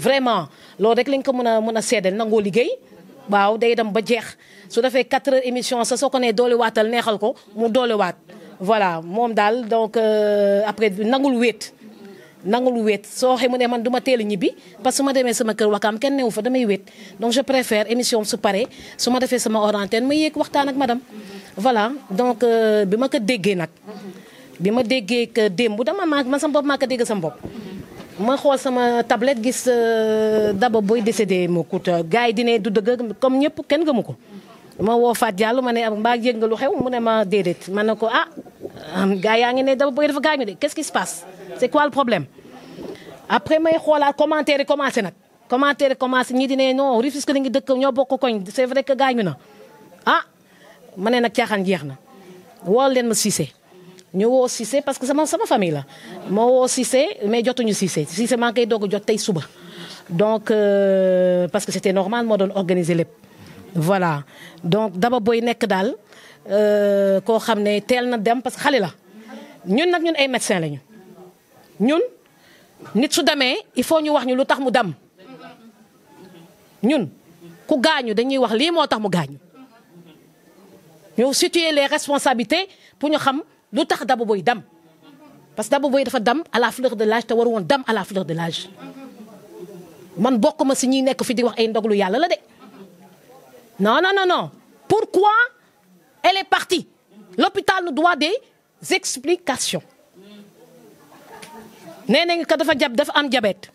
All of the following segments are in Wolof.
vraiment loolu rek lañ ko mën a mën a seedal nangoo liggéey waaw day dem ba jeex su defee 4 émission sa soo ko nee doole waatal neexal ko mu doole waat voilà moom daal donc euh, après nangul wéet nangul wéet soo waxee mu ne man du ma teel ñibbi parce que ma demee sama kër wakaam kenn newu fa damay wéet donc je préfère émission su paree su ma defee sama hors antenne ma yéeg waxtaan ak madame voilà donc euh, bi ma ko déggee nag bi ma déggee que démb dama ma man sama bopp dégg sama bopp ma xool sama tablette gis euh, Daba booy décédé ma kut euh, gars yi dine du dëgg comme ñëpp kenn gëmu ko ma woo Fat Diallo ma ne ah, mbaa yëg nga lu xew mu ne ma déedéet man na ko ah gars yaa ngi ne Daba Boye dafa gaañu de qu'est-ce qui se passe c'est quoi le problème après may xoolaat commentaire yi commencé nag commentaire yi commencé ñii di ne non Rufisque la ngi dëkk ñoo bokk koñ c'est vrai que gaañu na ah ma ne nag caaxaan jeex na wool leen ma Cissé ñu woo Cissé parce que sama sama famille la moo woo Cissé mais jotuñu Cissé Cissé maa ngi koy doog a jot tey suba donc euh, parce que c'était normal moo doon organiser lépp voilà donc daba booy nekk daal euh, koo xam ne teel na dem parce que xale la ñun nag ñun ay médecin lañu ñun nit su demee il faut ñu wax ñu lu tax mu dem ñun ku gaañu dañuy wax lii moo tax mu gaañu ñu situer les responsabilités pour ñu xam lu tax Daba Boye dam parce que Daba dafa dam à la fleur de l'âge te war woon dam à la fleur de lage man bokk ma si ñuy nekk fi di wax ay ndoglu yàlla la de non non non non pourquoi elle est partie l'hôpital nous doit des explications nee nañ ko dafa jab dafa am diabète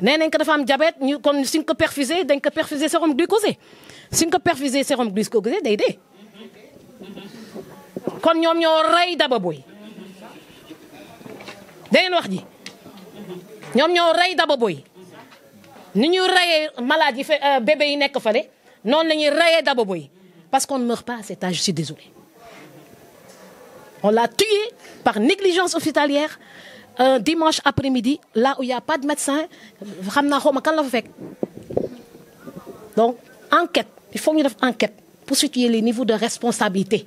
nee nañ ko dafa am diabète ñu kon suñ ko perfusé dañ ko perfusé sérum glucosé suñ ko perfusé sérum glucosé day de kon ñoom ñoo rey Daba boy dangeen wax ji ñoom ñoo rey Daba Boye ni ñuy reyee malade yi fe euh, bébé yi nekk fale noonu la ñuy reyee Daba Boye parce qu'on ne meurt pas à cet âge je on l'a tué par négligence hospitalière un dimanche après-midi là où il y a pas de médecin xam naa xaw ma kan la fa fekk donc enquête il faut ñu def enquête pour situer les niveaux de responsabilité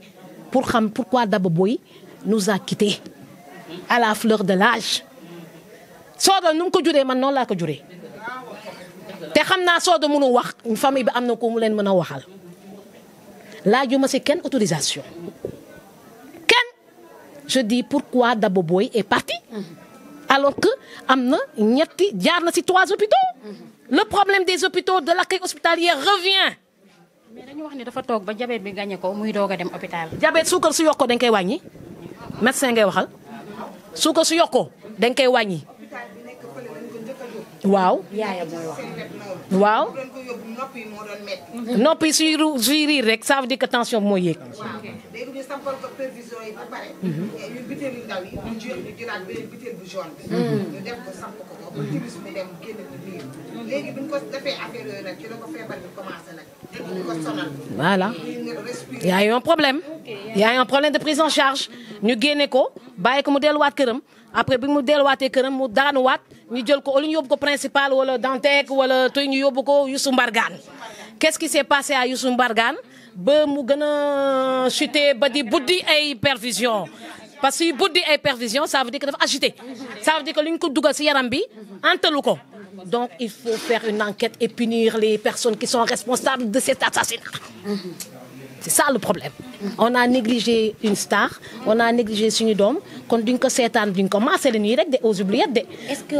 pour xam pourquoi Daba Boye nous a quitté à la fleur de l'âge sooda nu ko juree man noonu laa ko juree te xam naa Soda mënu wax famille bi am na ko mu leen mën a waxal laajuma si kenn autorisation kenn je dis pourquoi Daba booy est parti alors que am na ñetti jaar na si trois hôpitaux le problème des hôpitaux de l'accueil hospitalier revient dañu wax dafa toog ba jabet bi gañe ko muy doog a dem hôpital. jabet suukar su yokkoo danga koy wàññi médecin ngay waxal suukar su yokkoo danga koy wàññi. waaw. yaayam mooy wax. noppi suy riir rek ça veut dire tension bi mooy yéeg. ba virus bi voilà y a eu un problème y a problème de prise en charge ñu génne ko bàyyi ko mu delluwaat këram après bi mu delluwaatee këram mu daanuwaat ñu jël ko au ñu yóbbu ko principal wala Dantec wala tey ñu yóbbu ko Youssou Mbargane qu'est-ce qui s'est passé à Youssou Mbargane ba mu gën a chuté ba di buddi ay perfusion parce que buddi ay perfusion ça veut dire que dafa agité ça veut dire que li ñu ko dugal ci yaram bi antalu ko donc il faut faire une enquête et punir les personnes qui sont responsables de cet assassinat c'est ça le problème on a négligé une star on a négligé suñu doom kon duñ ko seetaan duñ ko maase la ñuy rek de aux oubliettes de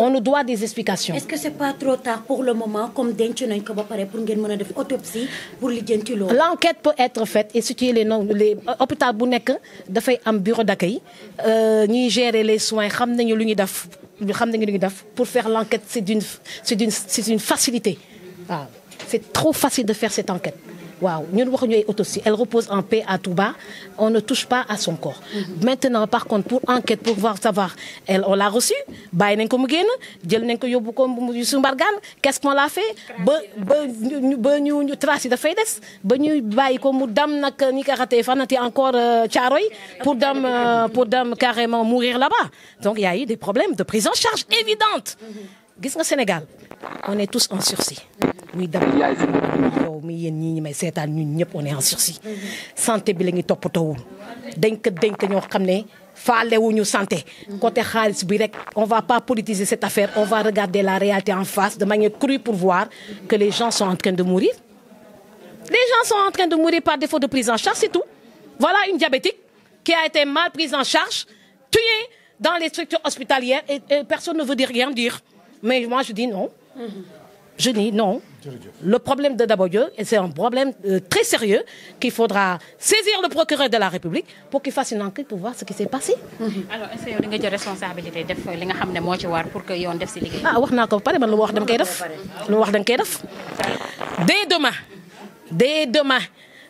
on nous doit des explications est-ce que c'est pas trop tard pour le moment comme denc nañ ko ba pare pour ngeen mën a def autopsie pour lijjanti loolu l'enquête peut être faite et situer les noms les hôpital bu nekk dafay am bureau d'accueil euh, ñuy gérer les soins xam nañu lu ñuy def xam nañu lu ñuy def pour faire l'enquête c'est d'une c'est d'une c'est une facilité waaw c'est trop facile de faire cette enquête waaw ñun waxuñu ay autopsie elle repose en paix à Touba on ne touche pas à son corps. Mhm. maintenant par contre pour enquête pour voir savoir elle on l'a reçue bàyyi nañ ko mu génn jël nañ ko yóbbu ko su mbargaan qu'est-ce qu'on l'a fait. ba ba ñu ba ñu trace yi dafay des ba ñuy bàyyi ko mu dam nag ñi ko xatee fanati encore euh, Thiaroye pour dam euh, pour dem carrément mourir là-bas donc il y a eu des problèmes de prise en charge évidente mhm. gis nga Sénégal on est tous en sursis. muy Daba yow mi yéen ñii ñi may seetaan ñun ñëpp on est en sursis santé bi la ñuy toppatoowul dañ ko dañ ko ñoo xam ne faalewuñu santé côté xaalis bi rek on va pas politiser cette affaire on va regarder la réalité en face de manière crue pour voir que les gens sont en train de mourir par défaut de prise en charge c'est tout voilà une diabétique qui a été mal prise en charge tuée dans les structures hospitalières et, personne ne veut rien dire mais je dis non je dis non. Le problème de Dabo Diop, c'est un problème euh, très sérieux qu'il faudra saisir le procureur de la République pour qu'il fasse une enquête pour voir ce qui s'est passé. Mhm. que yow di nga li nga xam ne moo ci war pour que yoon def si liggéey. ah wax naa ko ba pare man lu ma wax dama def ma dès demain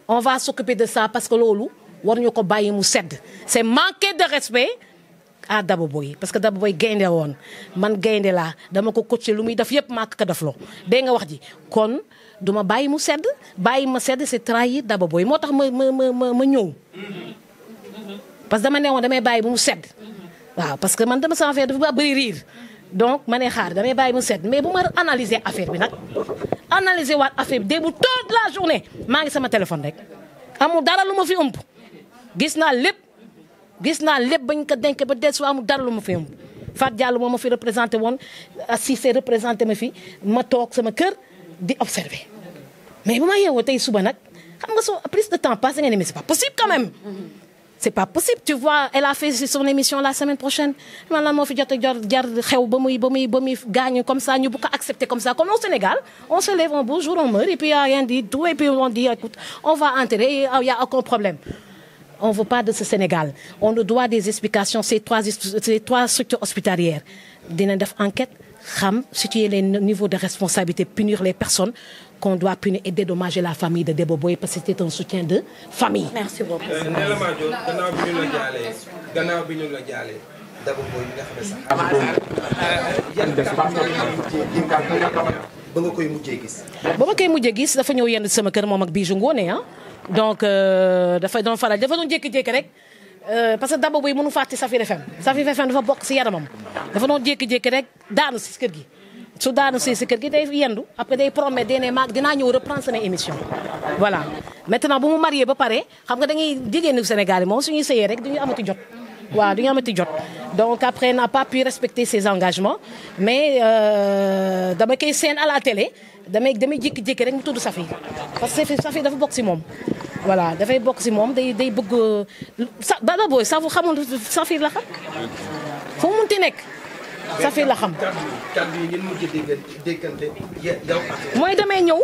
on va s'occuper de ça parce que loolu war ñu ko bàyyi mu sedd c'est manquer de respect. à Daba Boy parce que Daba Boy gaynde woon man gaynde laa dama ko coaché lu muy def yëpp màkk ka def loo dégg nga wax ji kon duma bàyyi mu sedd bàyyi ma sedd c'est trahir Daba Boy moo tax ma ma ma ma ñëw parce que dama ne woon damay bàyyi bu mu sedd waaw parce que man dama sama affaire dafa bëri riir donc ma ne xaar damay bàyyi mu sedd mais bu ma analyser affaire bi nag analyser waat affaire bi bu toute la journée maa ngi sama téléphone rek amul dara lu ma fi ëmb gis naa lépp. gis naa lépp bañ ko denc ba des waa mu dara ma fi yomb Fat Diallo moo ma fi représenté woon si Cissé représenté ma fi ma toog sama kër di observé mais bu ma yeewoo tey suba nag xam nga soo plus de temps passé nga ne mais c'est pas possible tu vois elle a fait son émission la semaine prochaine man lan moo fi jot a jar jar xew ba muy ba muy ba comme ça ñu bu ko accepter comme ça comme au Sénégal on se lève un beau jour on meurt et puis y a rien dit tout et puis on dit écoute on ne veut pas de ce Sénégal on nous doit des explications ces trois ces trois structures hospitalières dina def enquête xam situer les niveaux de responsabilité punir les personnes qu'on doit punir et dédommager la famille de Debo Boye parce que c'était un soutien de famille. merci beaucoup. Euh, Ndella Madior gannaaw bi ñu nga xam ne sax. ba nga koy mujjee gis. dafa ñëw yenn sama kër ak Bijou Ngoné ah. donc euh, dafa doon faral dafa doon jékki-jékki rek euh, parce que Daba Boye mënu fàtte Safir FM Safir FM dafa bokk si yaramam dafa doon jékki-jékki rek daanu si kër gi su daanu si si kër gi day yendu après day promet day ne maag dinaa ñëw reprendre seen émission voilà maintenant bu mu marié ba pare xam nga dañuy jigéenu Sénégal yi moom suñuy sëyee rek duñu amati jot waaw duñu amati jot donc après n'a pas pu respecter ses engagements mais euh, dama koy seen à damay damay jékki-jékki rek mu tudd Safi parce que Safi dafa bokk si moom. voilà dafay bokk si moom day day bëgg euh, sa Bada Boy safu xamul Safi la xam fu mu munti nekk. Safi la xam mooy damay ñëw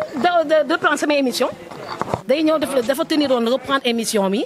de reprendre sama émission day ñëw dafa dafa teniroon reprendre émission mi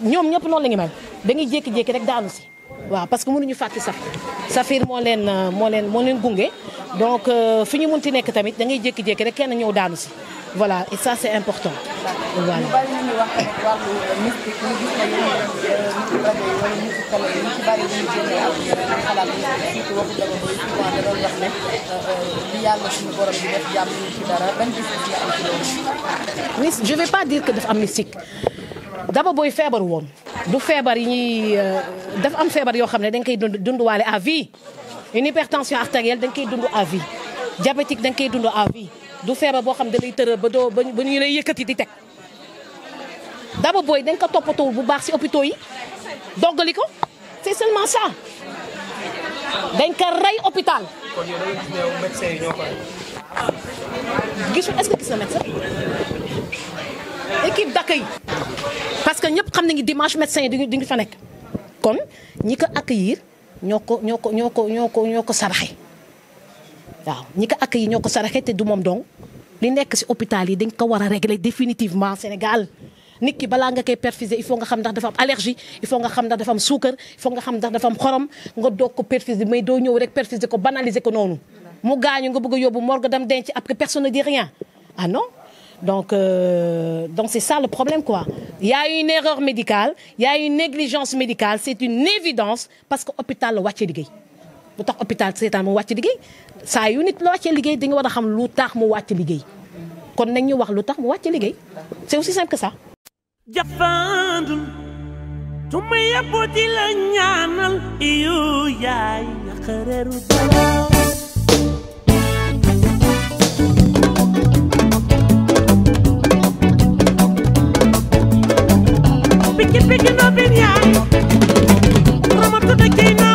ñoom ñëpp noonu lañu ñu mel dañuy jékki-jékki rek daanu si waaw parce que mënuñu fàtte Saphir Saphir moo leen moo leen moo leen gunge donc euh, fi ñu mun munti nekk tamit da ngay jékki-jékki rek kenn ñëw daanu si voilà et ça c'est important voilà. Euh, oui euh, je vais pas dire que dafa am mystique daba booy feebar woon du feebar yi ñuy euh, dafa am feebar yoo xam ne dañ koy dund dunduwaale à vie une hypertension artérielle dañ koy dund à vie diabétique dañ koy dund à vie du feebar boo xam ne da lay tëral ba doo ba ñu lay yëkkati di teg daba booy dañ ko toppatoo bu baax si hôpitaux yi doggali ko c'est seulement ça dañ ko rey hôpital. kon yow da nga que gis na médecin. équipe d'accueil parce que ñëpp xam nañu dimanche médecin yi di ngi fa nekk kon ñi ko accueillir ñoo ko ñoo ko ñoo ko ñoo ko ñoo ko saraxe waaw ñi ko accueillir ñoo ko saraxe du moom donc li nekk si hôpital yi dañ ko war a régler définitivement Sénégal nit ki balaa nga koy perfuser il faut nga xam ndax dafa am allergie il faut nga xam ndax dafa am suukar il faut nga xam ndax dafa am xorom nga doog ko perfuser mais doo ñëw rek perfuser ko banaliser ko noonu mu gaañu nga bëgg yóbbu morgue dem denc ab que personne ne rien ah Donc, euh, donc c'est ça le problème, quoi. Il y a une erreur médicale, il y a une négligence médicale, c'est une évidence parce que l'hôpital l'a wàcce liggéey lu tax hôpital seetaan mu wàcc liggéey saa yu nit la wàccee liggéey dañu war a xam lu tax mu wàcc liggéey kon nañ ñu wax lu tax mu wàcc liggéey c'est aussi simple que ça. Pikin Ndofène yaay Ramatoulaye Dieng